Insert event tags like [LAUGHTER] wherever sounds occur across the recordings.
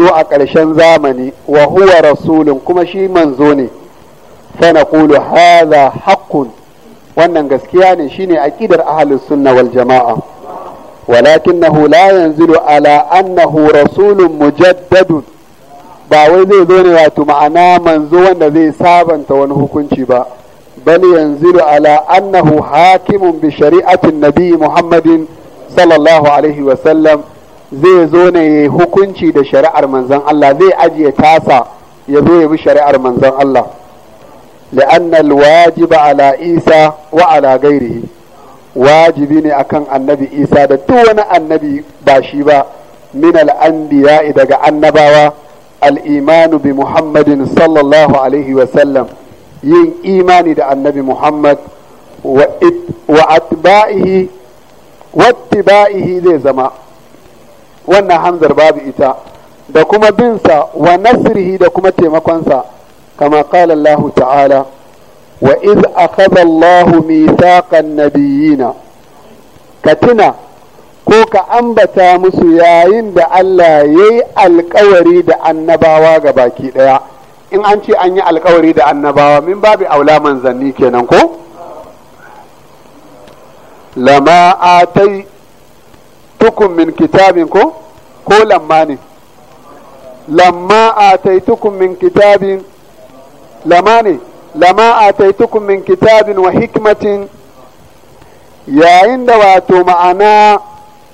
fito a ƙarshen zamani wa huwa rasulun kuma shi manzo ne kulu hadha haqqun wannan gaskiya ne shine aqidar ahlus sunna wal jama'a walakinahu la yanzilu ala annahu rasulun mujaddadun ba wai zai zo ne wato ma'ana manzo wanda zai sabanta wani hukunci ba bal yanzilu ala annahu hakimun bi shari'atin nabi muhammadin sallallahu alaihi wa sallam zai zo ne ya hukunci da shari'ar manzon Allah zai ajiye tasa ya zo ya bi shari'ar manzon Allah لأن ala isa wa ala غيره wajibi ne akan annabi isa da duk wani annabi ba shi ba min al'anbiya daga annabawa al'imanu bi muhammadin sallallahu alaihi wasallam yin imani da annabi muhammad wa atba'ihi zai zama wannan hamzar babu ita da kuma binsa wa nasrihi da kuma taimakonsa kama kala Allah ta'ala wa iz akhadha Allah mithaqan nabiyina ka tuna ko ka ambata musu yayin da Allah yayi alkawari da annabawa ga baki daya in an ce an yi alkawari da annabawa min babu aula manzanni kenan ko lama atai tukun min kitabin ko ko lamma ne lamma a taitukum min kitabin lama ne lama a taitukum min kitabin wa hikmatin yayin da wato ma'ana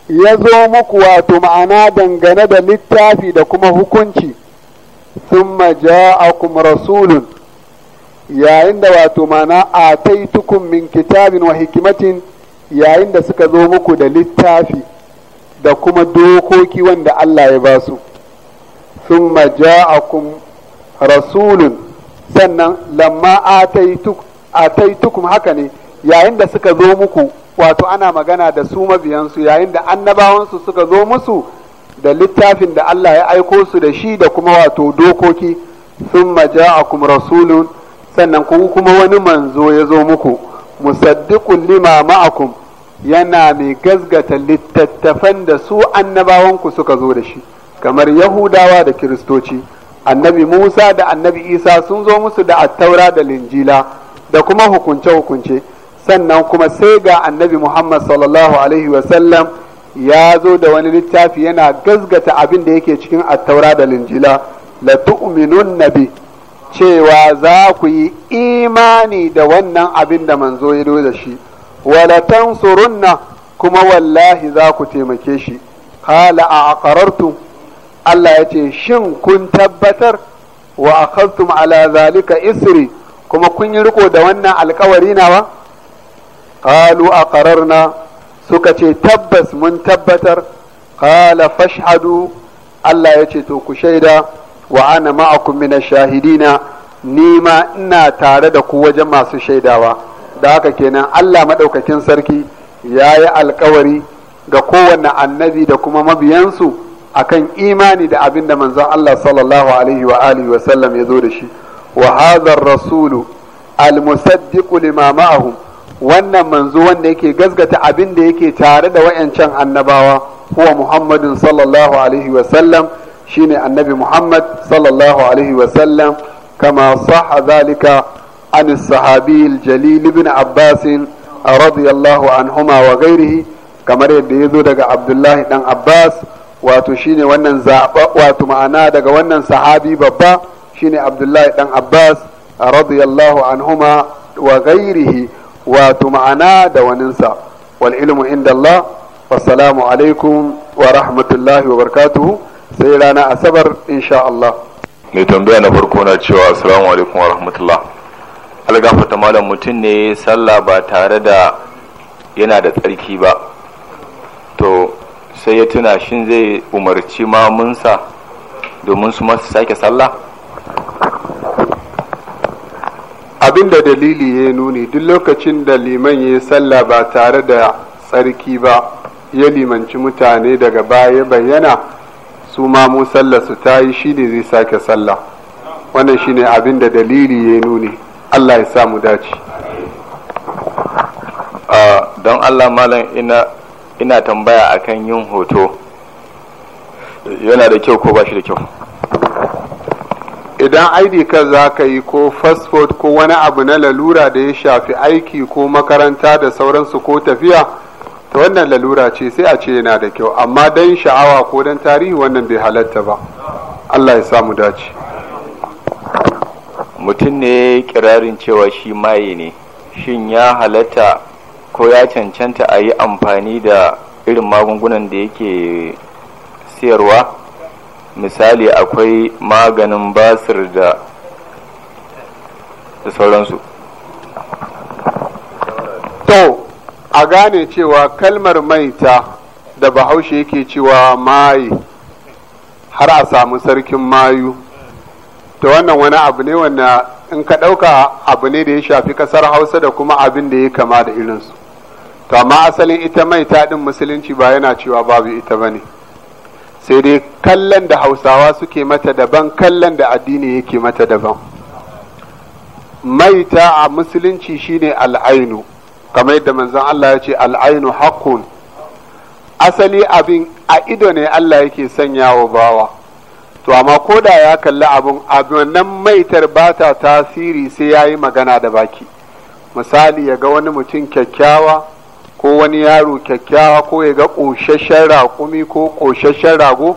ya zo muku wato ma'ana dangane da littafi da kuma hukunci sun thumma ja'akum rasulun yayin da wato ma'ana a taitukum min kitabin wa hikmatin yayin da suka zo muku da littafi da kuma dokoki wanda Allah ya ba su a ja'akum rasulun sannan lamma a tukun haka ne yayin da suka zo muku wato ana magana da su mabiyansu yayin da annabawansu suka zo musu da littafin da Allah ya aiko su da shi da kuma wato dokoki a ja'akum rasulun sannan kuma wani manzo ya zo muku musaddiqun lima ma'akum yana mai gazgata littattafan da su annabawanku suka zo da shi kamar yahudawa da kiristoci annabi musa da annabi isa sun zo musu da attaura da linjila da kuma hukunce-hukunce sannan kuma sai ga annabi muhammad sallallahu alaihi wasallam ya zo da wani littafi yana gazgata abin da yake cikin attaura da linjila la nabi cewa za ku yi imani da wannan abin da manzo ya da shi walatansurunna kuma wallahi za ku taimake shi qala a aqarartum Allah ya ce shin kun tabbatar wa akhadtum ala zalika isri kuma kun yi riko da wannan alkawari nawa qalu aqararna suka ce tabbas mun tabbatar kala fashhadu Allah ya ce to ku shaida wa ana ma'akum min shahidina ni ma ina tare da ku wajen masu shaidawa da haka kenan Allah maɗaukakin sarki ya yi alkawari ga kowanne annabi da kuma mabiyansu akan imani da abinda da manzon Allah sallallahu alaihi wa alihi wa sallam ya zo da shi wa hadha ar-rasulu al-musaddiqu lima ma'ahum wannan manzo wanda yake gazgata abin da yake tare da wayancan annabawa huwa Muhammadun sallallahu alaihi wa sallam shine annabi Muhammad sallallahu alaihi wa sallam kama sahha zalika عن الصحابي الجليل بن عباس رضي الله عنهما وغيره كما يدعو عبد الله بن عباس wato shine wannan wato ma'ana daga wannan sahabi babba shine abdullahi dan abbas radiyallahu anhuma wa wato ma'ana da waninsa wal ilmu inda allah wassalamu alaikum wa rahmatullahi wa barakatuhu sai rana asabar insha allah mai tambaya na farko na cewa alaikum wa algafata malam mutum ne sallah ba tare da yana da tsarki ba to sai ya tuna shin zai umarci mamunsa domin su masu sake sallah abinda dalili ya nuni duk lokacin da liman ya yi sallah ba tare da tsarki ba ya limanci mutane daga baya bayyana su mamu sallah su ta yi shi ne zai sake sallah wannan shine abin da dalili ya nuni Allah ya sa mu dace don Allah malam ina tambaya tambaya akan yin hoto yana da kyau ko ba shi da kyau idan id ka za ka yi ko fasfot ko wani abu na lalura da ya shafi aiki ko makaranta da sauransu ko tafiya ta wannan lalura ce sai a ce yana da kyau amma don sha'awa ko don tarihi wannan bai halatta ba allah ya samu dace mutum ne ya yi kirarin cewa shi maye ne shin ya halatta ko ya cancanta a yi amfani da irin magungunan da yake siyarwa misali akwai maganin basir da sauransu to a gane cewa kalmar maita da bahaushe yake cewa maye har a samu sarkin mayu to wannan wani abu ne wanda in ka ɗauka abu ne da ya shafi ƙasar hausa da kuma abin da ya kama da irinsu to amma asalin ita mai taɗin musulunci ba yana cewa babu ita ba ne sai dai kallon da hausawa suke mata daban kallon da addini yake mata daban maita a musulunci shine al'ainu kamar yadda manzon Allah ya ce al'ainu haqqun asali abin a ido ne Allah yake sanyawa bawa to amma ko da ya kalli abun abin nan maitar ba ta tasiri sai ya yi magana da baki misali ya ga wani mutum kyakkyawa ko wani yaro kyakkyawa ko ya ga ƙoshashen raƙumi ko ƙoshashen rago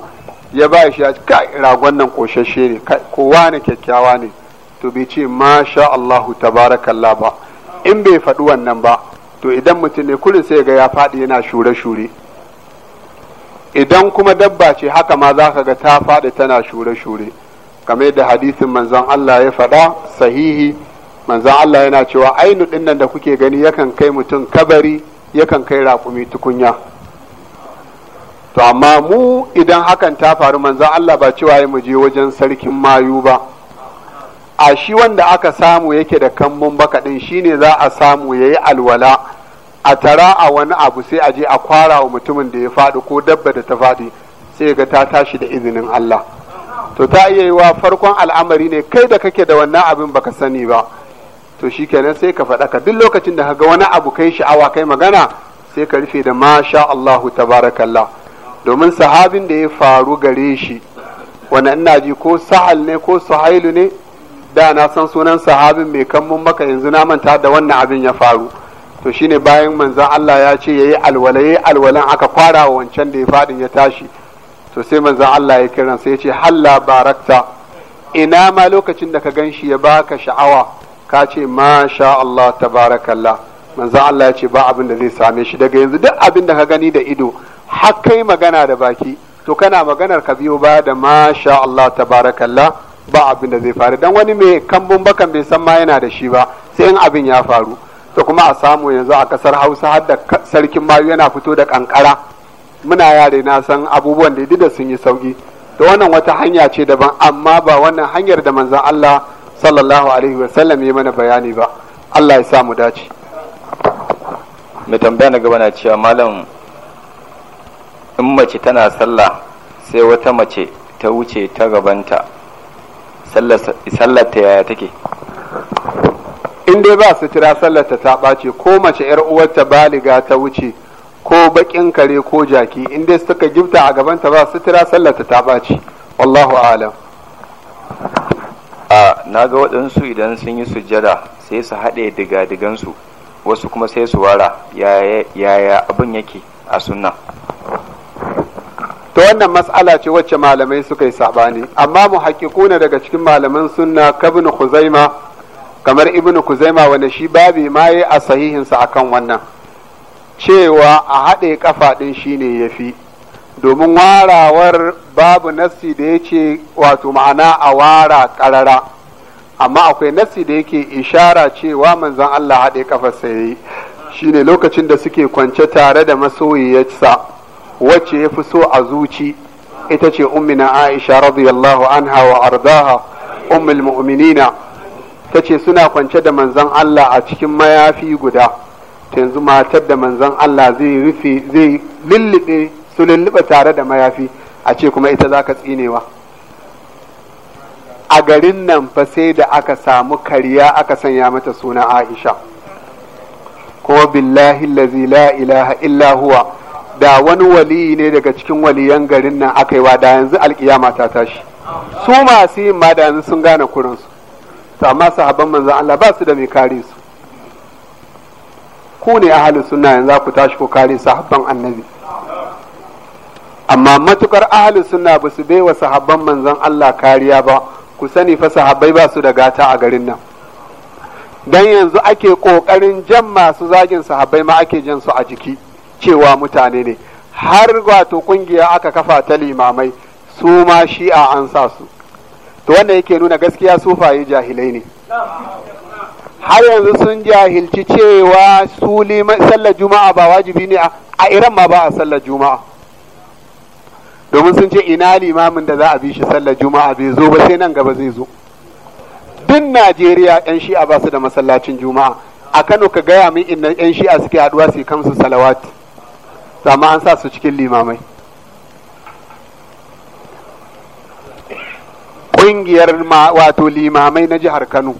ya ba shi ya kai ragon nan ƙoshashe ne kowa ne kyakkyawa ne to bai ce masha Allahu tabarakallah ba in bai faɗi wannan ba to idan mutum ne kullum sai ga ya faɗi yana shure-shure idan kuma dabba ce haka ma za ka ga ta faɗi tana shure-shure game da hadisin manzon Allah ya faɗa sahihi manzon Allah yana cewa ainu ɗin nan da kuke gani yakan kai mutum kabari yakan kai raƙumi tukunya to amma mu idan hakan ta faru manzon Allah ba cewa ya mu wajen sarkin mayu ba a shi wanda aka samu yake da kambun baka ɗin shine za a samu yayi alwala a tara a wani abu sai a je a kwara wa mutumin da ya faɗi ko dabba da ta faɗi sai ga ta tashi da izinin Allah to ta iya yi wa farkon al'amari ne kai da kake da wannan abin baka sani ba to shikenan sai ka faɗa ka duk lokacin da ga wani abu kai sha'awa kai magana sai ka rufe da masha Allahu tabarakallah domin sahabin da ya faru gare shi wani ina ji ko sahal ne ko suhailu ne da na san sunan sahabin mai kan mun maka yanzu na manta da wannan abin ya faru to shine bayan manzan Allah ya ce yayi alwala yayi alwalan aka fara wancan da ya fadin ya tashi to sai manzan Allah ya kiran sai ya ce halla barakta ina ma lokacin da ka ganshi ya baka sha'awa ka ce masha Allah tabarakallah manzan Allah ya ce ba abin da zai same shi daga yanzu duk abin da ka gani da ido har kai magana da baki to kana maganar ka biyo baya da masha Allah tabarakallah ba abin da zai faru dan wani mai kambun bakan bai san ma yana da shi ba sai in abin ya faru da kuma a samu yanzu a kasar hausa har da sarkin mayu yana fito da kankara muna yare na san abubuwan da da sun yi sauki da wannan wata hanya ce daban amma ba wannan hanyar da manzon Allah sallallahu alaihi sallam ya mana bayani ba Allah ya sa mu dace mai tambaya na gaba na cewa malam in mace tana sallah sai wata mace ta wuce ta gabanta sallar ta yaya take in dai ba sutura sallarta ta ɓace ko mace yar uwarta baliga ta wuce ko baƙin kare ko jaki in dai suka gifta a gabanta ba sutura sallarta ta ɓace wallahu alam a na ga waɗansu idan sun yi sujjada sai su haɗe diga-digansu wasu kuma sai su wara yaya abin yake a sunna to wannan mas'ala ce wacce malamai suka yi saɓani amma mu daga cikin malaman sunna kabnu huzaima kamar ibn kuzaima wanda shi babi ma yi a sahihinsa akan wannan cewa a haɗe kafa ɗin shine ya fi domin warawar babu nassi da ya ce wato ma'ana a wara ƙarara amma akwai nassi da yake ishara cewa manzon Allah haɗe kafarsa ya yi shine lokacin da suke kwance tare da masoyiyarsa wacce ya fi so a zuci ita ce ummina aisha radiyallahu anha wa ardaha ummul mu'minina ta ce suna kwance da manzan Allah a cikin mayafi guda ta yanzu matar da manzan Allah zai rufe zai lullube su lullube tare da mayafi a ce kuma ita za ka tsinewa a garin nan fa sai da aka samu kariya aka sanya mata suna aisha kuma billahi lazi la ilaha da wani waliyi ne daga cikin waliyan garin nan aka yi wa da yanzu alkiyama ta tashi su masu yin ma da yanzu sun gane kurinsu to amma sahabban manzon Allah ba su da mai kare su ku ne ahalin sunna yanzu ku tashi ku kare sahabban annabi amma matukar ahalin sunna ba su baiwa sahabban manzon Allah kariya ba ku sani fa sahabbai ba su da gata a garin nan dan yanzu ake kokarin jan masu zagin sahabbai ma ake jan su a jiki cewa mutane ne har wato kungiya aka kafa ta limamai su ma shi'a an sa su to wanda yake nuna gaskiya sufaye jahilai ne har yanzu sun jahilci cewa su sallar juma'a ba wajibi ne a iran ma ba a sallar juma'a domin sun ce ina limamin da za a bi shi sallar juma'a bai zo ba sai nan gaba zai zo duk najeriya yan shi'a ba su da masallacin juma'a a kano ka gaya min inda yan shi'a suke haduwa su yi kamsu salawat amma an sa su cikin limamai ƙungiyar wato limamai na jihar Kano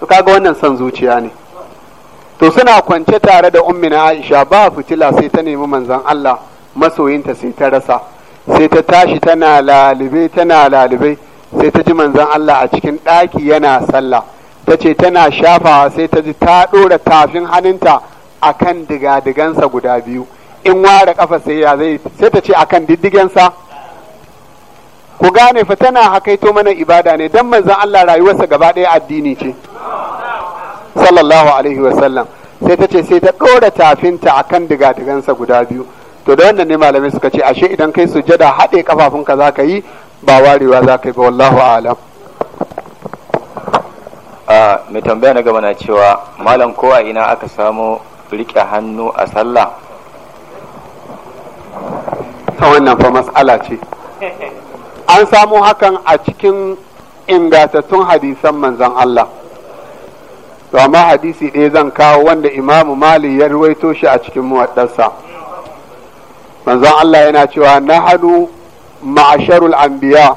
to kaga wannan son zuciya ne to suna kwance tare da ummina Aisha ba fitila sai ta nemi manzon Allah masoyinta sai ta rasa sai ta tashi tana lalibe tana lalibe sai ta ji manzon Allah a cikin ɗaki yana sallah ta ce tana shafawa sai ta ji ta ɗora tafin hannunta a kan digadigansa guda biyu in ware ƙafa sai ya zai sai ta ce a kan diddigensa ku gane fa tana hakaito mana ibada ne dan manzon Allah rayuwarsa gaba ɗaya addini ce sallallahu alaihi wasallam sai ta ce sai ta ɗora tafinta akan digadigansa guda biyu to da wannan ne malamai suka ce ashe idan kai sujada haɗe kafafunka za ka yi ba warewa za ka yi ba wallahu alam a mai tambaya na gaba na cewa malam kowa ina aka samu riƙe hannu a sallah ta wannan fa mas'ala ce [LAUGHS] an samu hakan a cikin ingantattun hadisan manzan Allah to amma hadisi ɗaya zan kawo wanda imamu mali ya ruwaito shi a cikin muwaddarsa manzon Allah yana cewa na hannu ma'asharul anbiya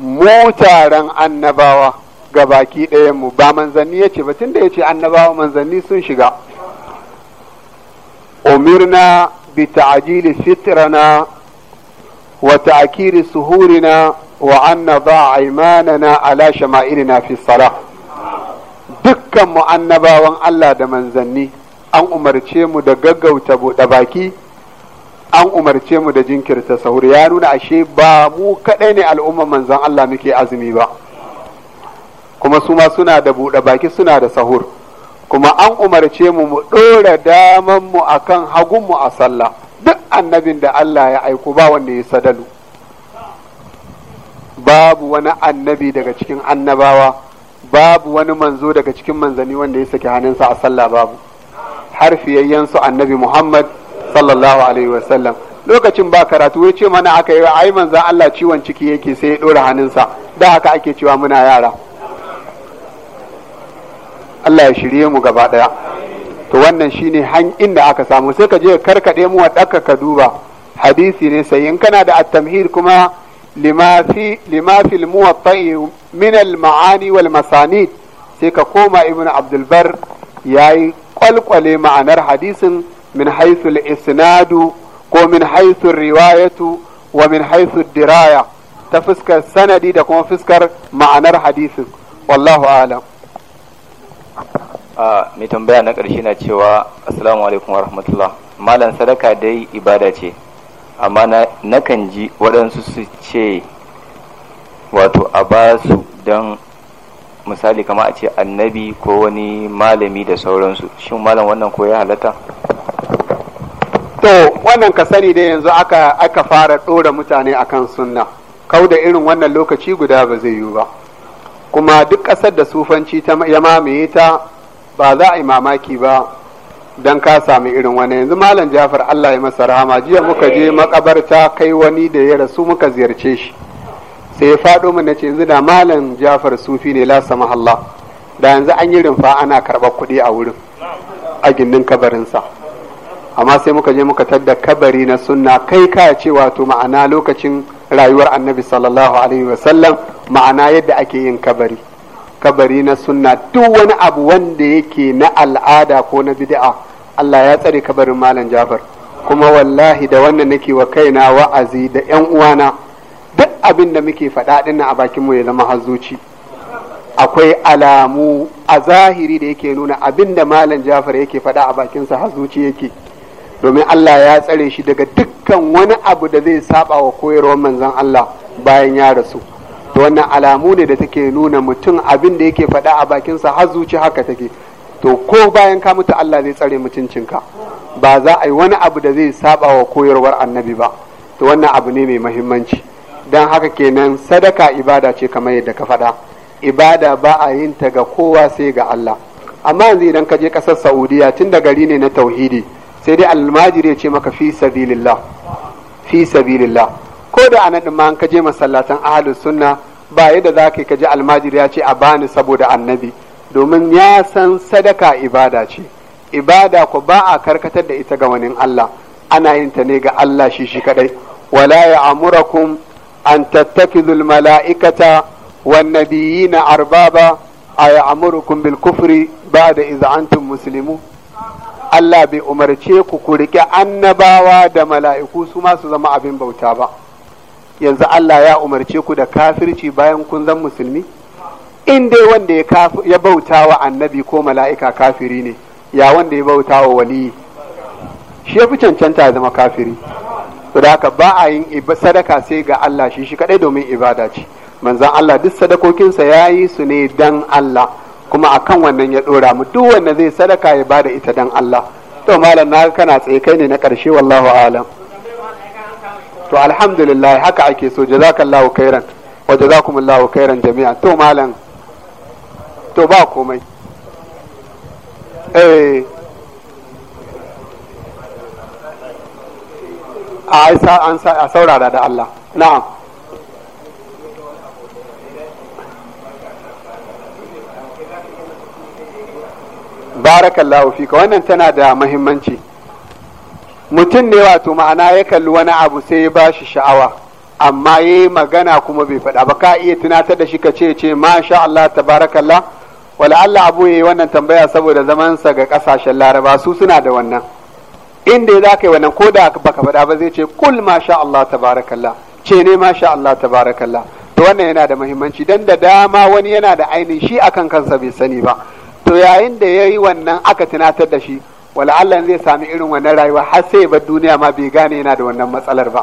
mu annabawa ga baki ɗayanmu ba manzanni ya ce ba tunda ya ce annabawa manzanni sun shiga umirna bi ta'ajili fitrana وتعكير سهورنا وأن نضع أيماننا على شمائلنا في fissara. dukkan mu annabawan Allah da manzani an umarce mu da gaggauta buɗe baki an umarce mu da jinkirta sahur ya nuna ashe ba mu kaɗai ne al'umman manzan Allah muke azumi ba kuma su suna da buɗe baki suna da sahur kuma an umarce mu mu ɗora daman mu akan hagun mu a sallah duk annabin da Allah ya aiko ba wanda ya sadalu babu wani annabi daga cikin annabawa babu wani manzo daga cikin manzani wanda ya saki hannunsa a sallah babu har su annabi Muhammad sallallahu alaihi wasallam lokacin ba karatu ya ce mana aka yi ai manzan Allah ciwon ciki yake sai ya ɗora hannunsa da haka ake cewa muna yara Allah ya shirye mu gaba ɗaya to wannan shine han inda aka samu sai ka je karkade mu wadaka ka duba hadisi ne sai in kana da at kuma lima fi lima fil muwatta'i min al-ma'ani wal masanid sai ka koma ibnu abdul bar yayi kwalkwale ma'anar hadisin min haythu al-isnadu ko min haythu riwayatu wa min haythu diraya ta fuskar sanadi da kuma fuskar ma'anar hadisin wallahu a'lam a mai tambaya na ƙarshe na cewa assalamu alaikum wa rahmatullah malam sadaka dai ibada ce amma na kan ji waɗansu su ce wato a ba su don misali kama a ce annabi ko wani malami da sauransu shin malam wannan ko ya halatta to wannan ka sani da yanzu aka aka fara ɗora mutane akan sunna kau da irin wannan lokaci guda ba zai yiwu ba kuma duk ƙasar da sufanci ya mamaye ta ba za a yi mamaki ba don ka sami irin wani yanzu malam jafar allah ya masa rahama jiya muka je makabarta kai wani da ya rasu muka ziyarce shi sai ya faɗo mana ce yanzu da malam jafar sufi ne lasa mahalla da yanzu an yi rumfa ana karɓar kuɗi a wurin a gindin kabarinsa amma sai muka je muka tadda kabari na sunna kai ka ce wato ma'ana lokacin rayuwar annabi sallallahu alaihi wasallam ma'ana yadda ake yin kabari kabari na sunna duk wani abu wanda yake na al'ada ko na bid'a Allah ya tsare kabarin malam Jafar kuma wallahi da wannan nake wa kaina wa'azi da ƴan uwana duk abin da muke faɗa dinnan a bakin mu ya zama hazzuci akwai alamu a zahiri da yake nuna abin da malam Jafar yake faɗa a bakin sa hazzuci yake domin Allah ya tsare shi daga dukkan wani abu da zai saba wa koyarwar manzon Allah bayan ya rasu to wannan alamu ne da take nuna mutum abin da yake faɗa a bakinsa har zuci haka take to ko bayan ka mutu Allah zai tsare mutuncinka ba za a yi wani abu da zai saba wa koyarwar annabi ba to wannan abu ne mai mahimmanci don haka kenan sadaka ibada ce kamar yadda ka faɗa ibada ba a yin ta ga kowa sai ga Allah amma yanzu idan ka je ƙasar Saudiya tun da gari ne na tauhidi sai dai almajiri ya ce maka fi sabilillah fi sabilillah ko da anan ɗin ma an ka je masallatan ahlus sunna ba yadda za ka ji almajiri ya ce a bani saboda annabi domin ya san sadaka ibada ce ibada ko ba a karkatar da ita ga wani Allah ana yin ta ne ga Allah shi shi kadai wala ya'murakum an tattakhidhu almala'ikata wan nabiyina arbaba ay'amurukum bil kufri ba'da da antum musulmi Allah bai umarce ku ku riƙe annabawa da mala'iku su ma su zama abin bauta ba. yanzu Allah ya umarce ku da kafirci bayan kun zan musulmi in dai wanda ya bauta wa annabi ko mala'ika kafiri ne ya wanda ya bauta wa waliyi shi ya fi cancanta ya zama kafiri to da haka ba a yin sadaka sai ga Allah shi shi kadai domin ibada ce manzan Allah duk sadakokinsa ya yi su ne dan Allah kuma akan wannan ya dora mu duk wanda zai sadaka ya bada ita dan Allah to malam na kana tsaye kai ne na karshe wallahu alam to alhamdulillah haka ake so jazakallahu khairan wa jazakumullahu khairan jami'a to malam to ba komai eh a a saurara da Allah na'am barakallahu fika wannan tana da muhimmanci. mutum ne wato ma'ana ya kalli wani abu sai ya bashi sha'awa amma ya yi magana kuma bai faɗa ba ka iya tunatar da shi ka ce ce ma sha Allah tabarakallah wala Allah abu ya yi wannan tambaya saboda zamansa ga ƙasashen laraba su suna da wannan inda ya za yi wannan ko da baka faɗa ba zai ce kul ma sha Allah tabarakallah ce ne ma sha Allah tabarakallah to wannan yana da muhimmanci dan da dama wani yana da ainihin shi akan kansa bai sani ba to yayin da ya yi wannan aka tunatar da shi wala Allah zai sami irin wannan rayuwa har sai bar duniya ma bai gane yana da wannan matsalar ba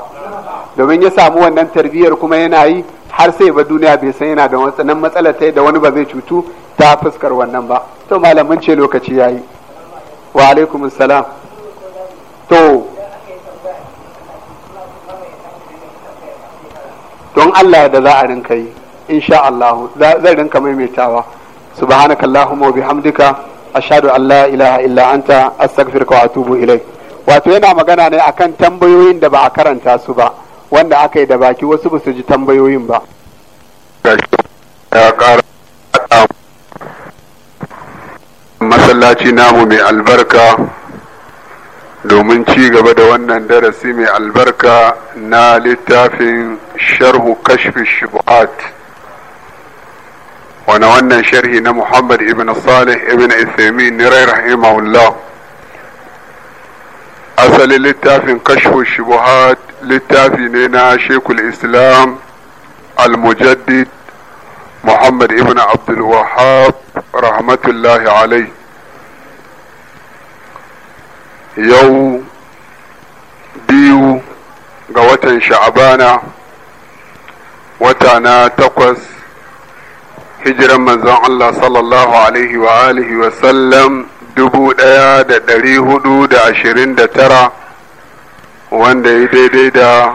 domin ya samu wannan tarbiyyar kuma yana yi har sai bar duniya bai san yana da wannan matsalar ta da wani ba zai cutu ta fuskar wannan ba to malamin ce lokaci yayi wa alaikum salam to don Allah da za a rinka yi insha Allah zai rinka maimaitawa subhanakallahumma wa bihamdika ashadu an la ilaha illa anta astaghfiruka wa atubu ilaik wato yana magana ne akan tambayoyin da ba a karanta su ba wanda aka yi da baki wasu ba su ji tambayoyin ba masallaci namu mai albarka domin ci gaba da wannan darasi mai albarka na littafin sharhu kashfi shubuhat wani wannan sharhi na Muhammad ibn Salih ibn Isaimin ni rai rahimahullah asalin littafin kashfu shubuhat littafi ne na Shekul Islam al-Mujaddid Muhammad ibn Abdul Wahab rahmatullahi alai yau biyu ga watan sha'abana wata na takwas hijiran manzon Allah sallallahu alaihi wa alihi wa dubu ɗaya da ɗari hudu da ashirin da tara wanda ya daidai da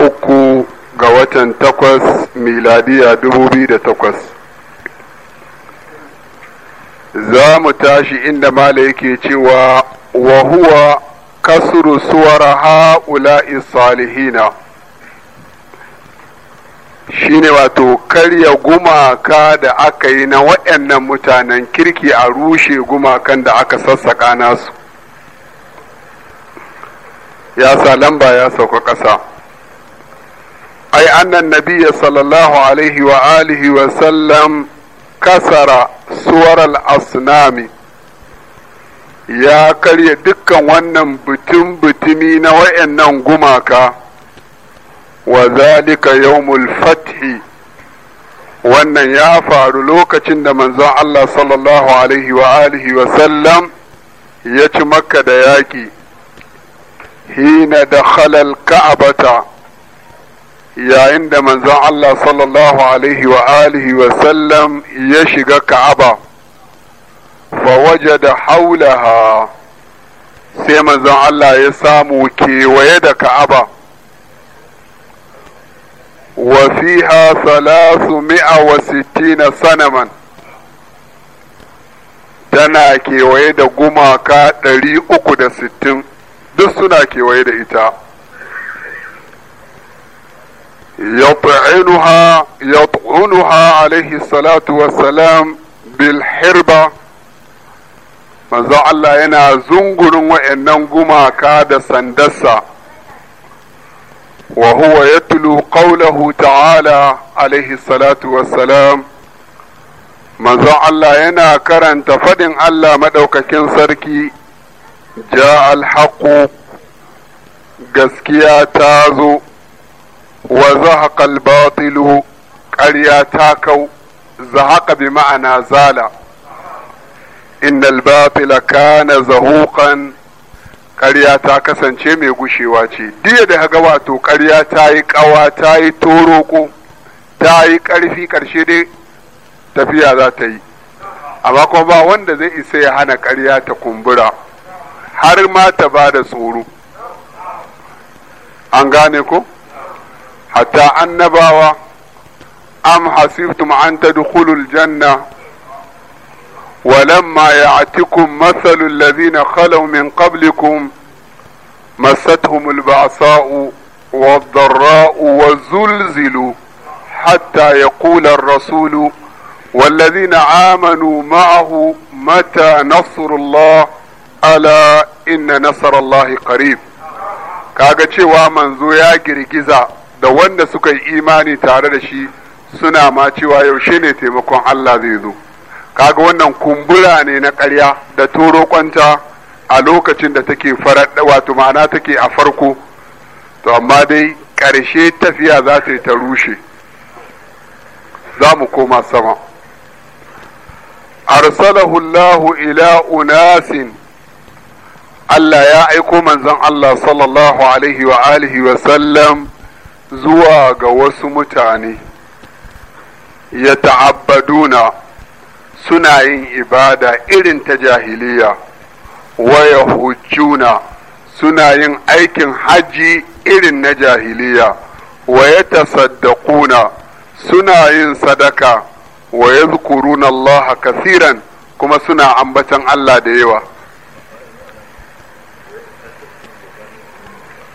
uku ga watan takwas miladiya dubu biyu da takwas za mu tashi inda mala yake cewa wa huwa kasuru suwara ha'ula'i salihina shine wato karya gumaka da aka yi na waɗannan mutanen kirki a rushe gumakan da aka sassaƙa nasu ya sa lamba ya sauka ƙasa ai annan nabiya sallallahu alaihi wa alihi wa sallam kasara suwar al-asnami ya karya dukkan wannan butun butumi na waɗannan gumaka وذلك يوم الفتح وان يافع رلوك تند من زع الله صلى الله عليه وآله وسلم يتمك دياكي حين دخل الكعبة يا عند من زع الله صلى الله عليه وآله وسلم يشق كعبة فوجد حولها سيما زعل الله يسامو كي ويد كعبه وفيها ثلاثمائة وستين صنما tana kewaye da gumaka ɗari uku da sittin duk suna kewaye da ita يطعنها يطعنها عليه الصلاة والسلام بالحربة manzo Allah yana zungurin wa'annan gumaka da sandarsa وهو يتلو قوله تعالى عليه الصلاة والسلام من الله ينا كرن تفدن الله مدوك كن سركي جاء الحق جسكيا تازو وزهق الباطل قريا تاكو زهق بمعنى زال إن الباطل كان زهوقا ƙarya ta kasance mai gushewa ce diya da ga wato ƙarya ta yi ƙawa ta yi toroko ta yi ƙarfi ƙarshe dai tafiya za ta yi amma kuma ba wanda zai isa ya hana ƙarya ta kumbura har ma ta ba da tsoro an gane ko hatta annabawa am hasibtum an tadkhulul janna ولما يعتكم مثل الذين خلوا من قبلكم مستهم البعثاء والضراء وزلزلوا حتى يقول الرسول والذين آمنوا معه متى نصر الله ألا إن نصر الله قريب kaga cewa manzo ya girgiza da wanda suka yi imani tare da shi suna ma cewa yaushe ne taimakon Allah zai zo kaga wannan kumbura ne na ƙarya da turo kwanta a lokacin da take farar wato ma'ana take a farko to amma dai ƙarshe tafiya za ta yi ta rushe za mu koma sama arsalahu Allahu ila unasin Allah ya aiko manzon Allah sallallahu alaihi wa alihi wa sallam zuwa ga wasu mutane ya ta'abbaduna suna yin ibada irin ta jahiliya waya yahujuna suna yin aikin haji irin na jahiliya wa yatasaddaquna suna yin sadaka wa yadhkuruna Allah kasiran kuma suna ambatan Allah da yawa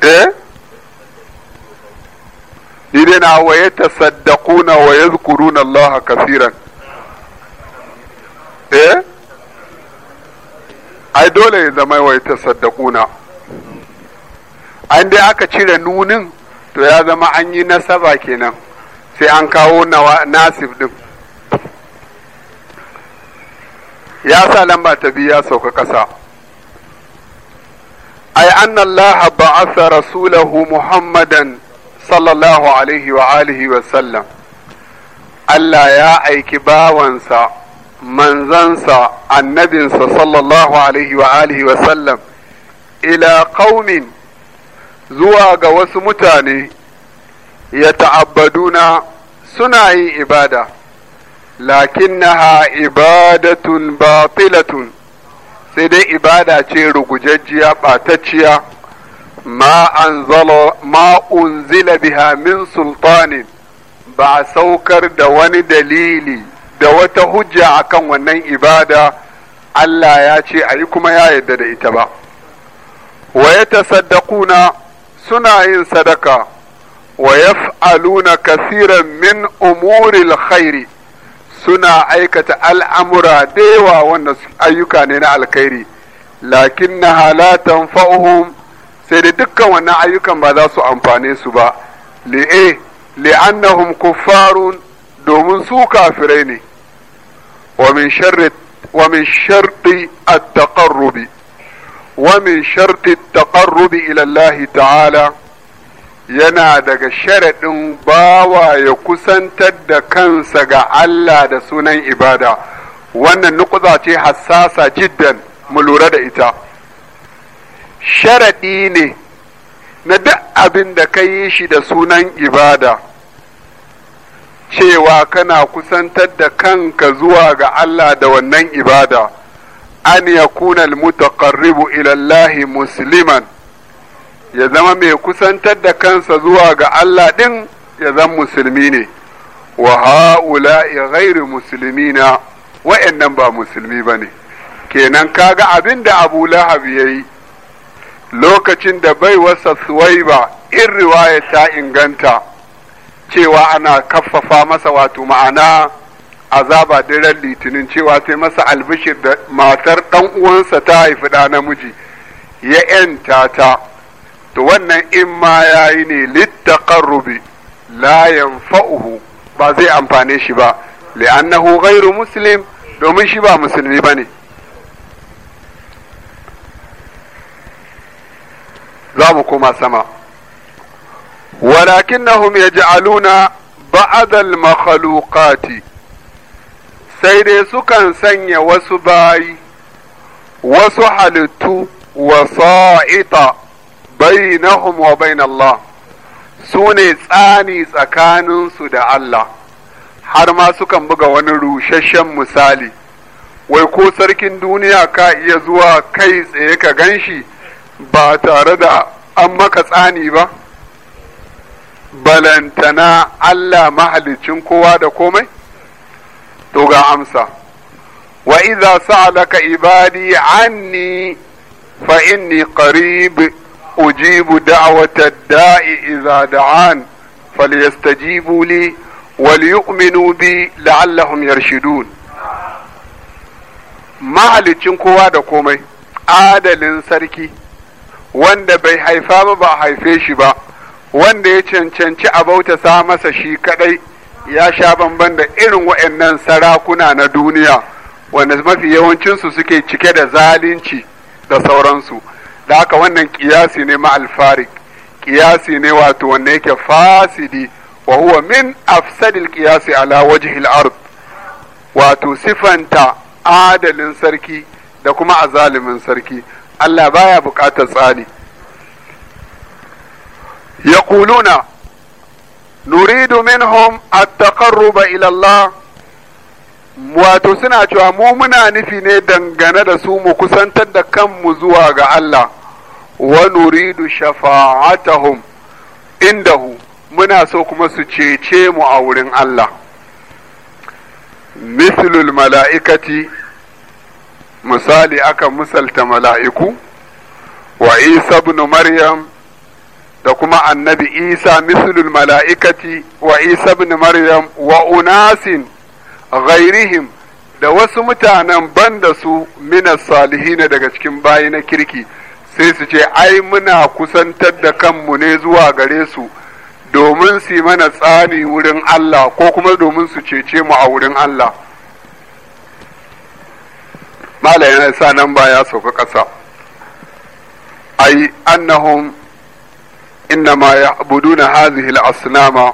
eh idan wa yatasaddaquna wa yadhkuruna Allah kasiran eh ai dole ya zama wai saddakuna an dai aka cire nunin to ya zama an yi nasaba kenan sai an kawo nasib ɗin. ya sa lamba ta biyu ya sauka ƙasa ai anna Allah ba'atha rasulahu Muhammadan sallallahu alaihi wa alihi wa sallam Allah ya aiki bawansa manzansa annabinsa sallallahu alaihi wa alihi wa sallam ila ƙaumin zuwa ga wasu mutane ya ta'abbaduna suna yin ibada lakinnaha ibadatun batilatun sai dai ibada ce rugujajjiya ɓatacciya ma unzila biha min sultanin ba a saukar da wani dalili da wata hujja akan wannan ibada Allah ya ce a yi kuma ya yarda da ita ba wa yatasaddaquna suna yin sadaka wa kasiran min umuril khairi suna aikata al'amura da yawa wanda ayyuka ne na alkhairi lakin na halatan fa'uhum sai da dukkan wannan ayyukan ba za su amfane su ba li'e eh, li'annahum kuffarun domin su kafirai ne ومن شر ومن شرط التقرب ومن شرط التقرب الى الله تعالى ينا دغ شردن باوا يكسنتد د كانسا غ الله د سنن عباده wannan nukuza ce hassasa jiddan mu lura da ita sharaɗi ne na duk abin da cewa kana kusantar da kanka zuwa ga Allah da wannan ibada an yakuna almutaqarribu ila Allah musliman ya zama mai kusantar da kansa zuwa ga Allah ɗin ya zan musulmi ne wa ha'ula'i ghairu muslimina wa'annan ba musulmi bane kenan kaga abin da Abu Lahab yayi lokacin da bai wasa Suwaiba in riwaya ta inganta cewa ana kaffafa masa wato ma'ana azaba daren litinin cewa sai masa albishir da matar ɗan uwansa ta haifi da namiji ya ‘yanta ta to wannan in ma ya yi ne littaƙarrubi la yanfa'uhu ba zai amfane shi ba li'annahu ghairu muslim domin shi ba musulmi ba ne za mu koma sama walakinnahum yaj'aluna ba'd Ba'adal makhluqati sai dai sukan sanya wasu bayi wasu halittu wasa'ita bainahum wa bain Allah su ne tsani tsakaninsu da Allah har ma sukan buga wani rusasshen misali wai ko sarkin duniya ka iya zuwa kai tsaye ka gan shi ba tare da an maka tsani ba balantana Allah mahalicin kowa da komai? To ga amsa, wa iza sa'alaka ibadi anni fa inni qarib ujibu da'wata da'i iza da'an falyastajibu li وليؤمنوا bi la'allahum yarshidun mahalicin kowa da komai adalin sarki wanda bai haifa ba ba haife shi ba wanda ya cancanci a sa masa shi kadai ya sha bamban da irin waɗannan sarakuna na duniya wanda mafi yawancinsu suke cike da zalunci da sauransu da haka wannan kiyasi ne ma'alfarik kiyasi ne wato wanda yake fasidi wa huwa min afsadil kiyasi ala wajhil ard wato sifanta adalin sarki da kuma azalimin sarki Allah baya bukatar tsari يقولون نريد منهم التقرب إلى الله wato suna cewa mu muna nufi ne dangane da su mu kusantar da kanmu zuwa ga Allah wa nuridu shafa'atahum indahu muna so kuma su cece mu a wurin Allah mislul mala'ikati misali aka misalta mala'iku wa isa ibn maryam da kuma annabi isa mislul mala'ikati wa isa ibn maryam wa unasin ghairihim da wasu mutanen banda su minas salihina daga cikin bayi na kirki sai su ce ai muna kusantar da kanmu ne zuwa gare su domin su mana tsani wurin Allah ko kuma domin su cece mu a wurin Allah malayin sa nan ba ya sauka ƙasa ai annahum innama ya'buduna hadhihi al-asnama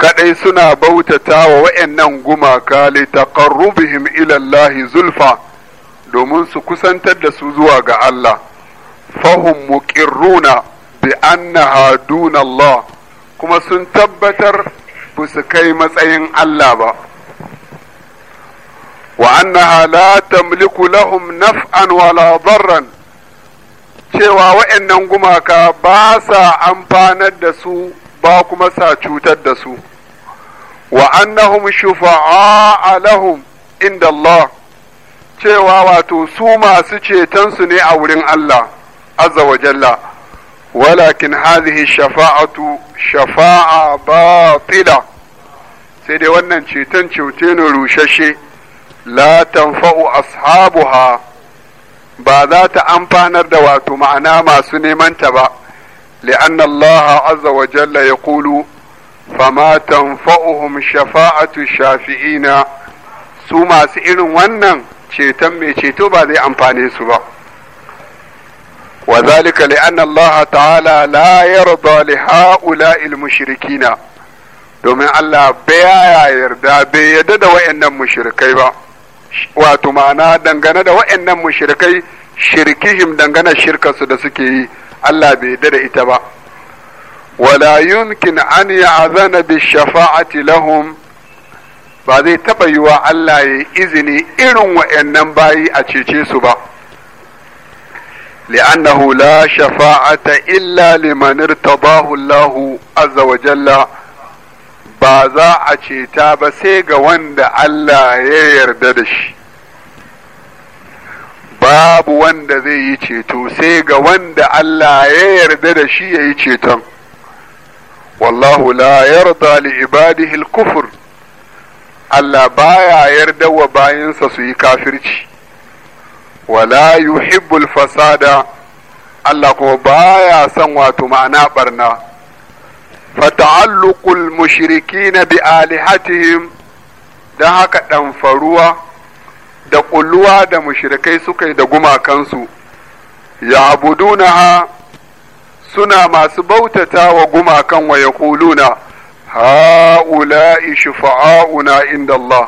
Kaɗai suna bautata wa wa'annan gumaka li taqarrubihim ila Allah zulfa domin su kusantar da su zuwa ga Allah fahum muqirruna bi annaha duna Allah kuma sun tabbatar ba su kai matsayin Allah ba wa annaha la tamliku lahum naf'an wala darran cewa wa'annan gumaka ba sa amfanar da su ba kuma sa cutar da su wa annahum shufa'a alahum inda Allah cewa wato su masu cetonsu ne a wurin Allah azza wa jalla walakin hadhihi shafa'atu shafa'a batila sai dai wannan ceton cece ne rushashe la tanfa'u ashabuha ba za ta amfanar da wato ma'ana masu neman ta ba li'anna Allah azza wa jalla ya kulu fama tanfa'uhum shafa'atu shafi'ina su masu irin wannan ceton mai ceto ba zai amfane su ba Wazalika zalika li'anna Allah ta'ala la yarda li ha'ula'il domin Allah baya yarda bai yarda da wayannan mushirikai ba wato ma'ana dangane da wa'annan mushrikai shirkihim dangane shirkarsu da suke yi Allah bai yarda da ita ba wala yumkin an ya'zana bi shafa'ati lahum ba zai taba yiwa Allah ya izini irin wa'annan bayi a cece su ba لأنه la شفاعة إلا لمن ارتضاه الله عز وجل ba za a ceta ba sai ga wanda Allah ya yarda da shi babu wanda zai yi ceto sai ga wanda Allah ya yarda da shi ya yi ceton wallahu la yarda li ibadihi al-kufr Allah baya yarda wa bayansa su yi kafirci wala yuhibbul fasada Allah kuma baya son wato ma'ana barna ta'alluqul mushrikina bi alihatihim dan haka ɗanfaruwa da kulluwa da mushrikai suka yi da gumakansu ha? suna masu bautata wa gumakan wa yaquluna ha'ula'i shufa'auna inda Allah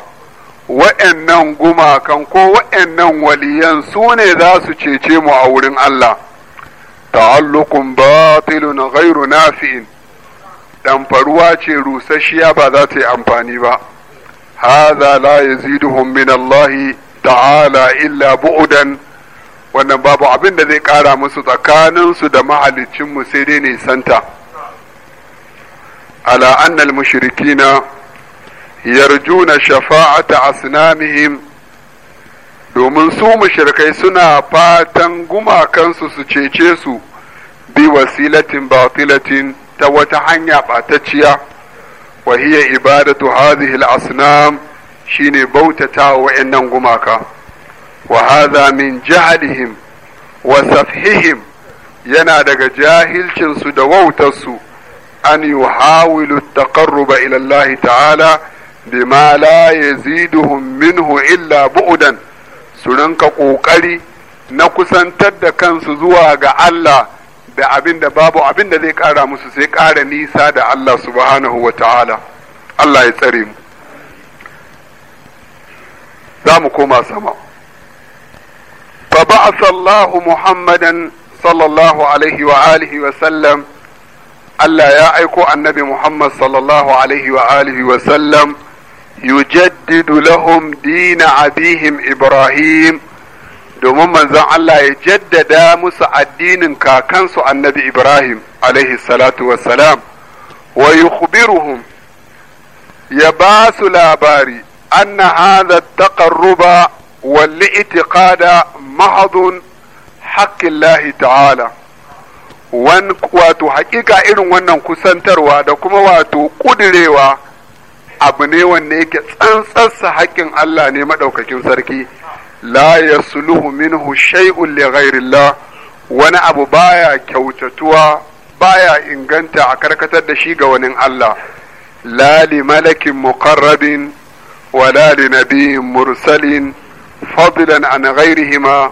wa'annan gumakan ko wa'annan waliyan su ne za su cece mu a wurin Allah ta'allukun batilun ghairu nafi'in ɗamfaruwa ce rusasshiya ba za ta yi amfani ba hadha la yaziduhum min Allah ta'ala illa bu'udan wannan babu abin da zai ƙara musu tsakaninsu da mahaliccinmu sai dai ne santa ala annal mushrikina yarjuna shafa'ata asnamihim domin su mushrikai suna fatan gumakansu su cece su bi wasilatin batilatin ta wata hanya ɓatacciya wa hiya ibadatu hadhihi al-asnam shine bautata wa'annan gumaka wa hadha min jahlihim wa safhihim yana daga jahilcin su da wautar su an yuhawilu at-taqarruba ila Allah ta'ala bima la yaziduhum minhu illa bu'dan su rinka kokari na kusantar da kansu zuwa ga Allah da abin da babu abin da zai ƙara musu sai ƙara nisa da Allah subhanahu wa ta'ala Allah ya tsare mu za mu koma sama fa ba'atha Allahu Muhammadan sallallahu alaihi wa alihi wa sallam Allah ya aiko annabi Muhammad sallallahu alaihi wa alihi wa sallam yujaddidu lahum dina abihim Ibrahim domin manzon Allah ya jaddada musu addinin kakansu annabi Ibrahim alaihi salatu wassalam wa yukhbiruhum ya ba su labari anna hadha taqarruba wal i'tiqada mahdun haqqillahi ta'ala wan wato haƙiƙa irin wannan kusantarwa da kuma wato kudirewa abu ne wanne yake tsantsarsa haƙƙin Allah ne madaukakin sarki la yasluhu minhu shay'un li ghairillah wani abu baya kyautatuwa baya inganta a karkatar da shi ga wani Allah la li malakin muqarrabin la li nabiyyin mursalin fadlan an ghairihima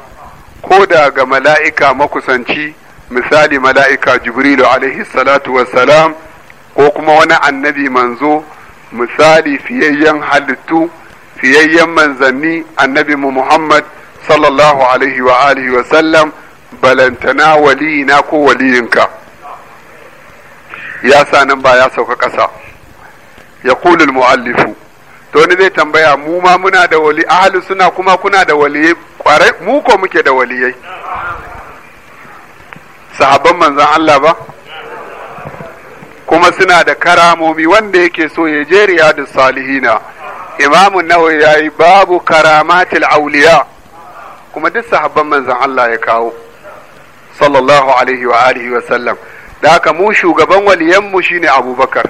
ko da ga mala'ika makusanci misali mala'ika jibrilu alaihi salatu wassalam ko kuma wani annabi manzo misali fiyayyen halittu fiyayyen manzanni annabi mu Muhammad sallallahu alaihi wa alihi wa sallam balantana waliyina ko waliyinka ya sa nan ba ya sauka ƙasa ya kulul mu'allifu to ni zai tambaya mu ma muna da wali ahli suna kuma kuna da waliyai kwarai mu ko muke da waliyai sahabban manzan Allah ba kuma suna da karamomi wanda yake so ya je riyadus salihina imamun nawawi ya yi babu karamatil auliya kuma duk sahabban manzon Allah ya kawo sallallahu alaihi wa alihi wa sallam da haka mu shugaban waliyan mu shine abubakar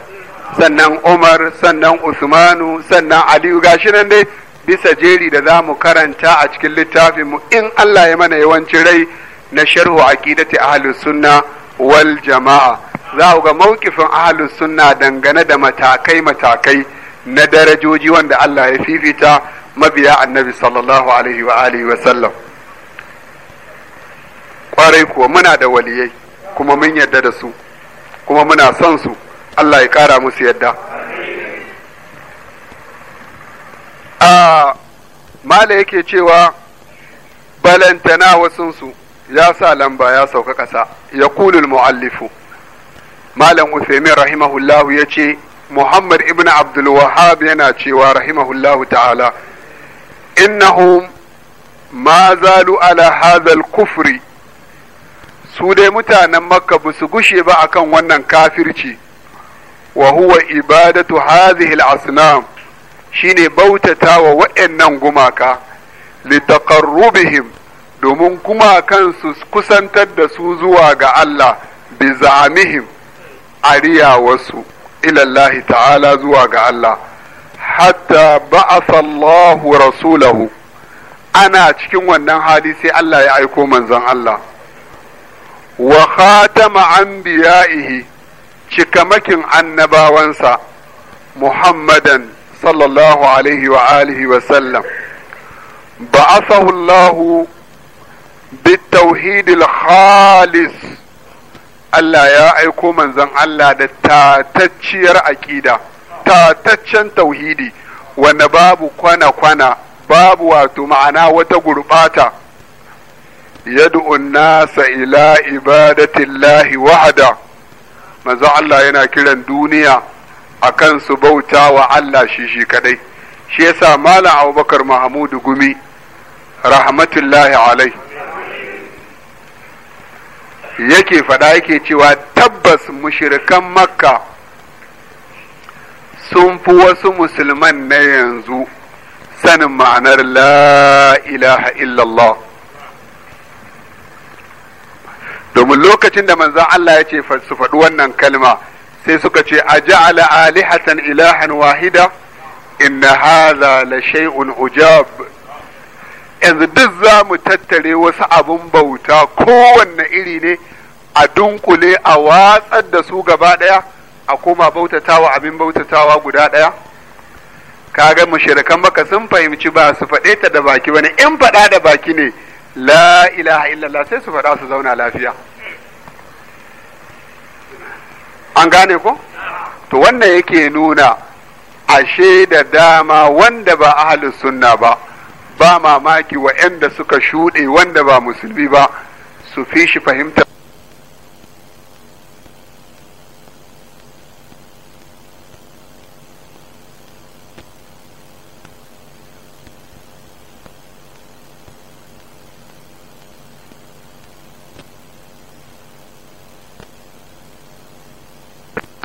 sannan umar sannan usmanu sannan aliyu gashi nan dai bisa jeri da za mu karanta a cikin littafin mu in Allah ya mana yawancin rai na sharhu aqidati ahlus sunna wal jama'a za ku ga mawqifin ahlus sunna dangane da matakai matakai na darajoji wanda Allah ya fifita mabiya annabi sallallahu alaihi wa alihi wa sallam kwarai kuwa muna da waliyai kuma mun yadda da su kuma muna son su Allah ya kara musu yadda a mala yake cewa balantana wasunsu ya sa lamba ya sauka ƙasa ya kulul mu'allifu malam Uthaymin rahimahullahu ya ce Muhammad ibn Abdulwahab yana cewa rahimahullahu ta'ala innahum ma zalu ala hadhal kufri su dai mutanen makka ba su gushe ba akan wannan kafirci wa huwa ibadatu hadhihi al-asnam shine bautata wa waɗannan gumaka litaqarrubihim domin gumakan su kusantar da su zuwa ga Allah bi za'amihim ariyawarsu wasu ilallahi ta'ala zuwa ga Allah hatta ba'atha Allahu rasulahu ana cikin wannan hali sai Allah ya aiko manzon Allah wa khatama anbiya'ihi cikamakin annabawansa Muhammadan sallallahu alaihi wa alihi wa sallam ba'athahu Allahu بالتوحيد الخالص Allah ya aiko manzon Allah da tatacciyar aƙida tataccen tauhidi wanda babu kwana-kwana babu wato ma'ana wata gurɓata yad'un nasa ila ibadatillahi wahada manzo Allah yana kiran duniya kan su bauta wa Allah shi shi kadai shi yasa malam Abubakar Mahamudu Gumi rahmatullahi alai. yake faɗa yake cewa tabbas mushirikan makka sun fi wasu musulman na yanzu sanin ma'anar la ilaha illallah domin lokacin da manza Allah ya ce su faɗi wannan kalma sai suka ce a ja'ala alihatan ilahan wahida inna hadha la shay'un ujab yanzu duk za mu tattare wasu abun bauta kowanne iri ne a dunkule a watsar da su gaba ɗaya a koma bautatawa abin bautatawa guda ɗaya Ka kaga mushirikan maka sun fahimci ba su faɗe ta da baki wani in faɗa da baki ne la ilaha illallah sai su faɗa su zauna lafiya an gane ko to wannan yake nuna ashe da dama wanda ba ahalus sunna ba ba mamaki wa'anda suka shuɗe wanda ba musulmi ba su fi shi fahimta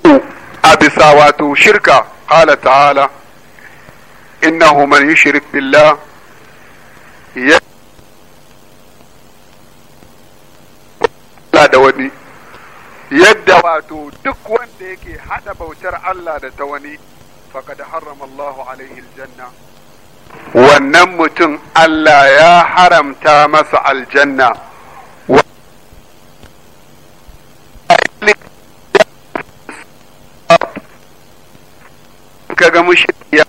mutu a bisa wato shirka qala ta'ala innahu man yushrik billah ya da wani yadda wato duk wanda yake hada bautar Allah da ta wani faqad harrama Allahu alaihi aljanna wannan mutum Allah ya haramta masa aljanna ga mushriki ya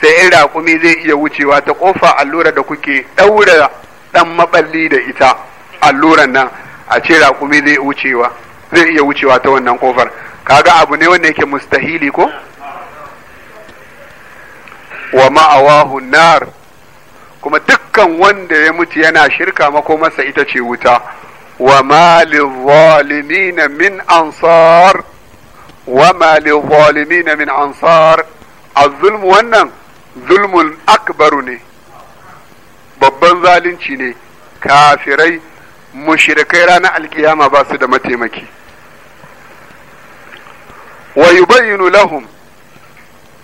sai in raƙumi zai iya wucewa ta ƙofa allura da kuke ɗaura ɗan maɓalli da ita alluran nan a ce raƙumi zai wucewa zai iya wucewa ta wannan ƙofar kaga abu ne wanda yake mustahili ko wa ma'awahu nar kuma dukkan wanda ya mutu yana shirka makomarsa ita ce wuta wa ma min ansar wama lizzalimina min ansar az-zulm wannan zulmun akbaru ne babban zalunci ne kafirai mushirikai ranar alkiyama basu da mataimaki wa yubayyinu lahum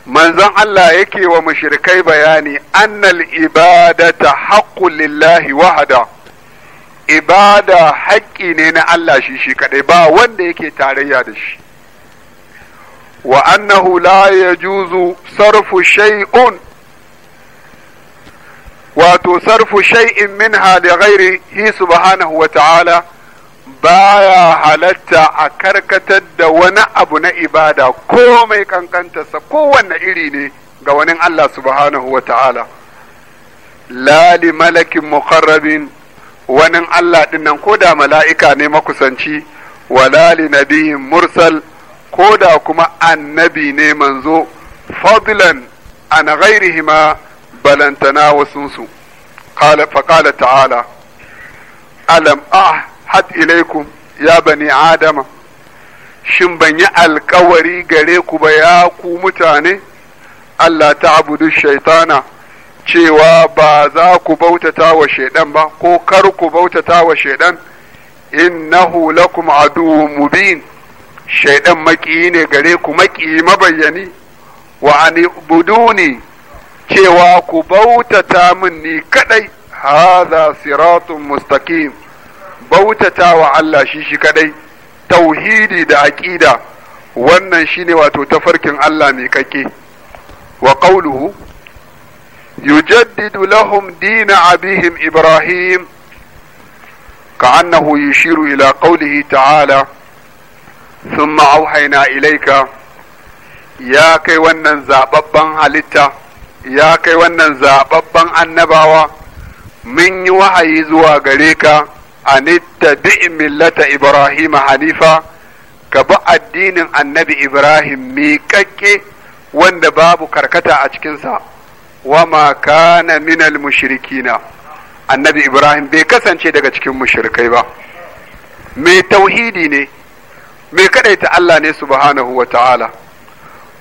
manzon Allah yake wa mushrikai bayani annal ibadata haqqun lillahi wahada ibada haƙƙi ne na Allah shi shi kadai ba wanda yake tarayya da shi wa annahu la yajuzu sarfu shay'un wato sarfu shay'in minha li ghairihi subhanahu wa ta'ala baya halatta a karkatar da wani abu na ibada ko mai kankantarsa kowanne iri ne ga wani Allah subhanahu wa ta'ala la malakin muqarrabin wani Allah ɗinnan ko da mala'ika ne makusanci wala li nabiyin mursal ko da kuma annabi ne manzo fadlan an ghairihima balantana wasunsu qala ta'ala alam ahad ilaikum ya bani adama shin ban yi alkawari gare ku ba ya ku mutane Allah ta abudu shaitana cewa ba za ku bautata wa shaidan ba ko kar ku bautata wa shaidan innahu lakum aduwwun mubin shaidan maƙiyi ne gare ku maƙiyi mabayyani wa ani buduni cewa ku bautata min ni kadai hadha siratun mustaqim bautata wa Allah shi shi kadai tauhidi da aqida wannan shine wato tafarkin Allah mai kake wa qawluhu yujaddidu lahum dina abihim ibrahim كأنه يشير إلى قوله تعالى sun auhaina ilaika ya kai wannan zaɓaɓɓen halitta ya kai wannan zaɓaɓɓen annabawa mun yi wahayi zuwa gare ka anittabi millata ibrahim hanifa ka bi addinin annabi ibrahim miƙaƙƙe wanda babu karkata a cikinsa wama kana minal mushrikina annabi ibrahim bai kasance daga cikin mushrikai ba mai tauhidi ne mai kadaita Allah ne subhanahu wa ta'ala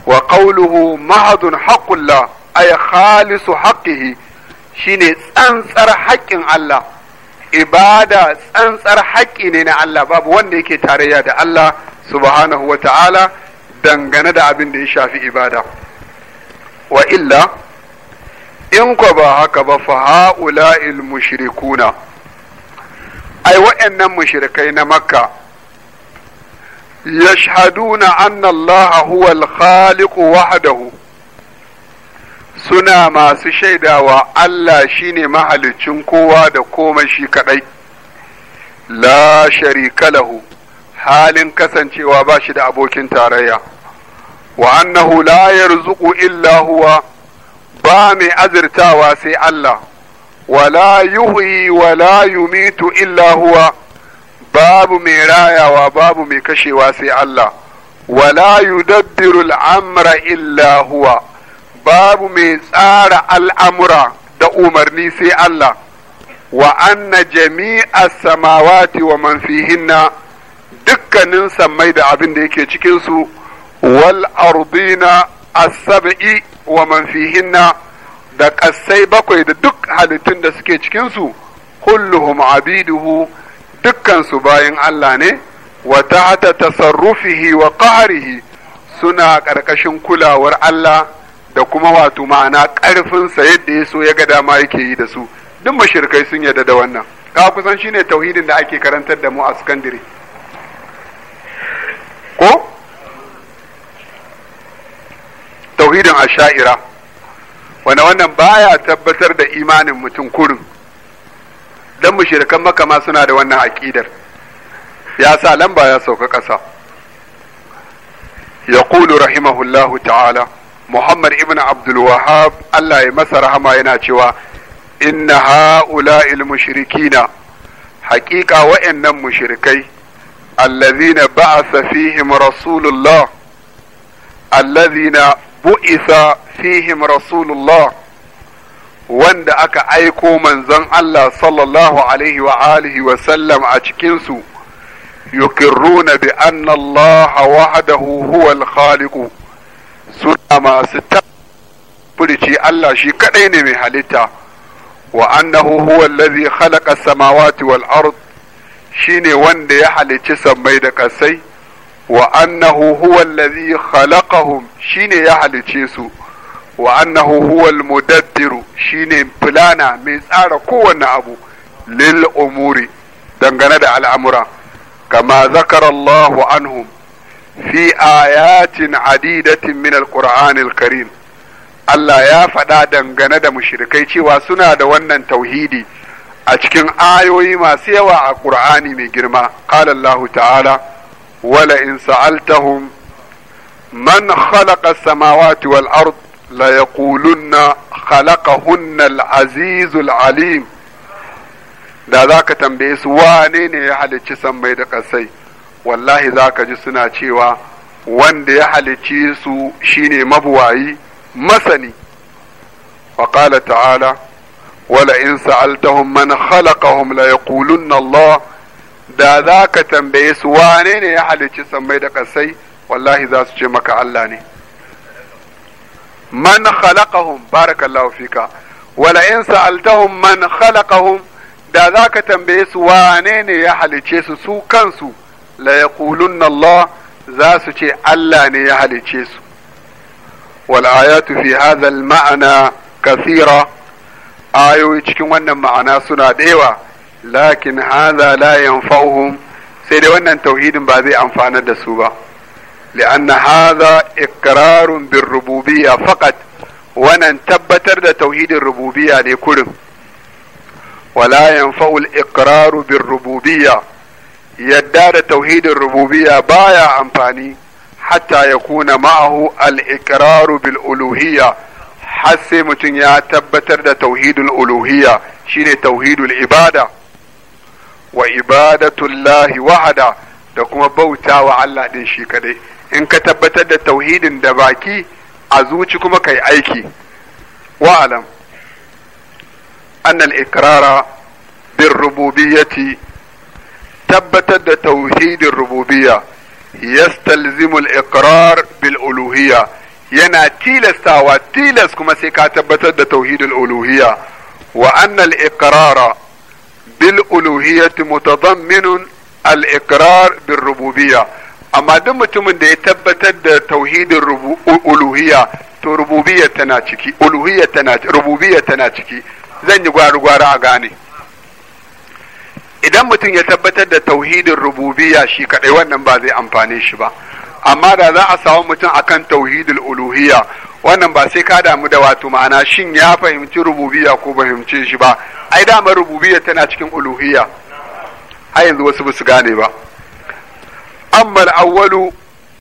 wa qawluhu mahadun haqqullah ay khalisu shi shine tsantsar haƙƙin Allah ibada tsantsar haƙƙi ne na Allah babu wanda yake tarayya da Allah subhanahu wa ta'ala dangane da abin da ya shafi ibada wa illa in ko ba haka ba fa ha'ula'il mushrikuna ai wa'annan mushrikai na makka yashhaduna anna Allah huwa al-khaliq wahdahu suna masu shaidawa Allah shine mahaliccin kowa da komai shi kaɗai. la sharika lahu halin kasancewa ba shi da abokin tarayya wa annahu la yarzuqu illa huwa ba mai azirtawa sai Allah wala yuhyi wala yumitu illa huwa babu mai rayawa babu mai kashewa sai Allah wala yudabbiru al'amra illa huwa babu mai tsara al'amura da umarni sai Allah wa anna jami'a samawati wa man fihinna dukkanin sammai da abin da yake cikin su wal ardina as-sab'i wa man fihinna da ƙasai bakwai da duk halittun da suke cikin su kulluhum abiduhu dukkansu bayan Allah ne wa ta'ata tasarrufihi wa qahrihi suna ƙarƙashin kulawar Allah da kuma wato ma'ana ƙarfinsa yadda ya so ya ga dama yake yi da su duk mashirkai sun yarda da wannan ka kusan shine tauhidin da ake karantar da mu a sakandare ko tauhidin asha'ira wanda wannan baya tabbatar da imanin mutum kurin dan mushirikan makka ma suna da wannan aqidar ya sa lamba ya sauka ƙasa yaqulu rahimahullahu ta'ala muhammad ibn abdul Allah ya masa rahama yana cewa inna ha'ula'il mushrikina haƙiƙa wa'annan mushrikai allazina ba'asa fihim rasulullah allazina bu'isa fihim rasulullah wanda aka aiko manzon Allah sallallahu alaihi wa alihi wa sallam a cikinsu yukirruna bi anna Allah wahdahu huwa al-khaliqu suna masu furici Allah shi kadai ne mai halitta wa annahu huwa allazi khalaqa samawati wal ard shine wanda ya halicci sammai da kasai wa annahu huwa allazi khalaqahum shine ya halicce su wa annahu huwa al-mudabbiru shine filana mai tsara kowanne abu lil umuri dangane da al'amura kama zakara Allahu anhum fi ayatin adidatin min al-Qur'an al-Karim Allah ya faɗa dangane da mushrikai cewa suna da wannan tauhidi a cikin ayoyi masu yawa a Qur'ani mai girma qala Allah ta'ala wala in sa'altahum man khalaqa as-samawati wal ardh la yaqulunna khalaqahunna al alim da za ka tambaye su wane ne ya halicci sammai da ƙasai wallahi za ka ji suna cewa wanda ya halicci su shine mabuwayi masani wa ta'ala wala in sa'altahum man khalaqahum la yaqulunna Allah da za ka tambaye su wane ne ya halicci sammai da ƙasai wallahi za su ce maka Allah ne man khalaqahum barakallahu fika wala in sa'altahum man khalaqahum da zaka tambaye su wane ne ya halice su su kansu la yaqulunna Allah za ce Allah ne ya halicce su wal ayatu fi hadha al ma'na ayoyi cikin wannan ma'ana suna da lakin hadha la yanfa'uhum sai dai wannan tauhidin ba zai amfanar da su ba لأن هذا إقرار بالربوبية فقط ونن تبتر دا توحيد الربوبية لكل ولا ينفع الإقرار بالربوبية يدار توحيد الربوبية بايا أمباني حتى يكون معه الإقرار بالألوهية حسي متنيا تبتر دا توحيد الألوهية شين توحيد العبادة وعبادة الله وحده da kuma bauta wa Allah din shi in ka tabbatar da tauhidin da baki a zuci kuma kai aiki wa'alam annal ikrara bin rububiyyati tabbatar da tauhidin rububiyya yastalzimu al-iqrar bil uluhiyya yana tilastawa tilas kuma sai ka tabbatar da tauhidul uluhiyya wa annal ikrara bil uluhiyyati mutadamminun al-iqrar bin rububiyya amma duk mutumin da ya tabbatar da tauhidin uluhiyya to rububiyya tana ciki uluhiyya tana rububiyya tana ciki zan yi gwaru gwari a gane idan mutum ya tabbatar da tauhidin rububiyya shi kadai wannan ba zai amfane shi ba amma da za a samu mutum akan tauhidul uluhiyya wannan ba sai ka damu da wato ma'ana shin ya fahimci rububiyya ko fahimce shi ba ai dama rububiyya tana cikin uluhiyya har yanzu wasu ba su gane ba اما الاول